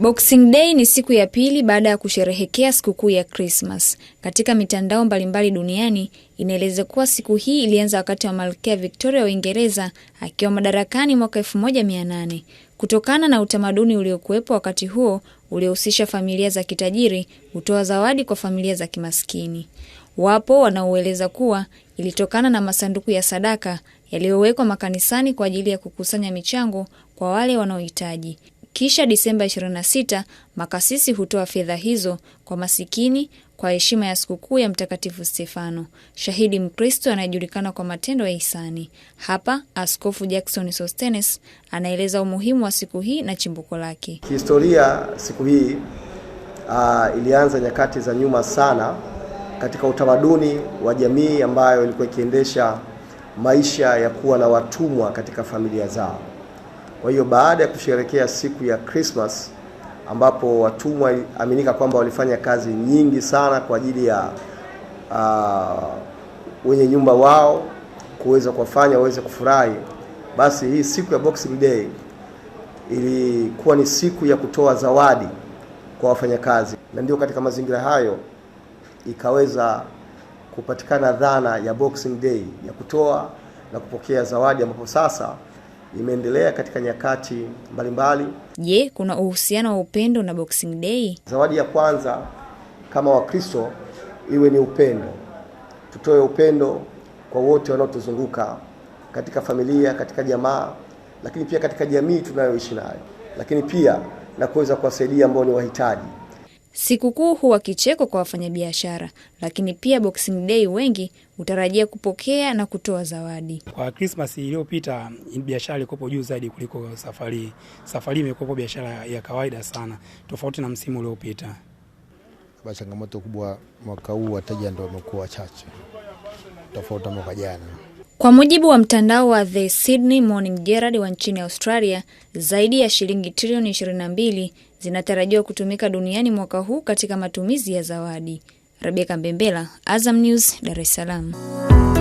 Boxing Day ni siku ya pili baada ya kusherehekea sikukuu ya Krismas. Katika mitandao mbalimbali duniani inaeleza kuwa siku hii ilianza wakati wa Malkia Victoria wa Uingereza akiwa madarakani mwaka 1800 kutokana na utamaduni uliokuwepo wakati huo uliohusisha familia za kitajiri hutoa zawadi kwa familia za kimaskini. Wapo wanaoeleza kuwa ilitokana na masanduku ya sadaka yaliyowekwa makanisani kwa ajili ya kukusanya michango kwa wale wanaohitaji. Kisha Disemba 26 makasisi hutoa fedha hizo kwa masikini kwa heshima ya sikukuu ya Mtakatifu Stefano, shahidi Mkristo anayejulikana kwa matendo ya hisani. Hapa Askofu Jackson Sostenes anaeleza umuhimu wa siku hii na chimbuko lake kihistoria. Siku hii uh, ilianza nyakati za nyuma sana katika utamaduni wa jamii ambayo ilikuwa ikiendesha maisha ya kuwa na watumwa katika familia zao. Kwa hiyo baada ya kusherekea siku ya Christmas ambapo watumwa aminika kwamba walifanya kazi nyingi sana kwa ajili ya uh, wenye nyumba wao kuweza kuwafanya waweze kufurahi, basi hii siku ya Boxing Day ilikuwa ni siku ya kutoa zawadi kwa wafanyakazi, na ndio katika mazingira hayo ikaweza kupatikana dhana ya Boxing Day ya kutoa na kupokea zawadi, ambapo sasa imeendelea katika nyakati mbalimbali. Je, kuna uhusiano wa upendo na Boxing Day? Zawadi ya kwanza kama Wakristo iwe ni upendo, tutoe upendo kwa wote wanaotuzunguka katika familia, katika jamaa, lakini pia katika jamii tunayoishi nayo, lakini pia na kuweza kuwasaidia ambao ni wahitaji. Sikukuu huwa kicheko kwa wafanyabiashara, lakini pia Boxing Day wengi hutarajia kupokea na kutoa zawadi. Kwa Christmas iliyopita biashara ilikuwa juu zaidi kuliko safari. Safari imekopo biashara ya kawaida sana, tofauti na msimu uliopita. Changamoto kubwa mwaka huu wateja ndio wamekuwa wachache tofauti na mwaka jana. Kwa mujibu wa mtandao wa The Sydney Morning Herald wa nchini Australia, zaidi ya shilingi trilioni zinatarajiwa kutumika duniani mwaka huu katika matumizi ya zawadi. Rebeka Mbembela, Azam News, Dar es Salaam.